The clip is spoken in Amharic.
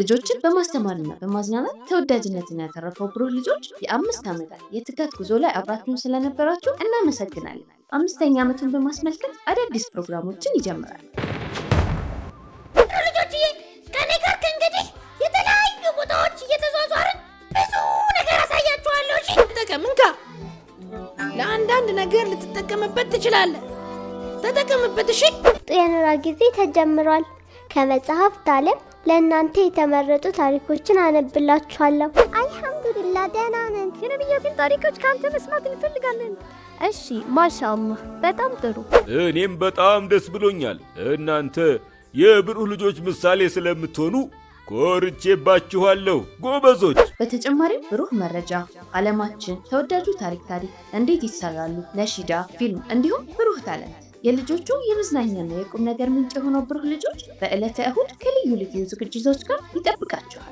ልጆችን በማስተማርና በማዝናናት ተወዳጅነትን ያተረፈው ብሩህ ልጆች የአምስት ዓመታት የትጋት ጉዞ ላይ አብራችሁን ስለነበራችሁ እናመሰግናለን። አምስተኛ ዓመቱን በማስመልከት አዳዲስ ፕሮግራሞችን ይጀምራል። ልጆችዬ ከኔ ጋር ከእንግዲህ የተለያዩ ቦታዎች እየተዟዟርን ብዙ ነገር አሳያችኋለሁ። ተጠቀም እንካ፣ ለአንዳንድ ነገር ልትጠቀምበት ትችላለህ። ተጠቀምበት። እሺ፣ ጊዜ ተጀምሯል። ከመጽሐፍት ዓለም ለእናንተ የተመረጡ ታሪኮችን አነብላችኋለሁ። አልሐምዱሊላ ደህና ነን። የነቢያትን ታሪኮች ከአንተ መስማት እንፈልጋለን። እሺ፣ ማሻአላህ በጣም ጥሩ። እኔም በጣም ደስ ብሎኛል። እናንተ የብሩህ ልጆች ምሳሌ ስለምትሆኑ ኮርቼባችኋለሁ ጎበዞች። በተጨማሪም ብሩህ መረጃ፣ ዓለማችን፣ ተወዳጁ ታሪክ፣ ታሪክ እንዴት ይሰራሉ፣ ነሺዳ፣ ፊልም እንዲሁም ብሩህ ታለንት የልጆቹ የመዝናኛና የቁም ነገር ምንጭ የሆነው ብሩህ ልጆች በዕለተ እሁድ ከልዩ ልዩ ዝግጅቶች ጋር ይጠብቃቸዋል።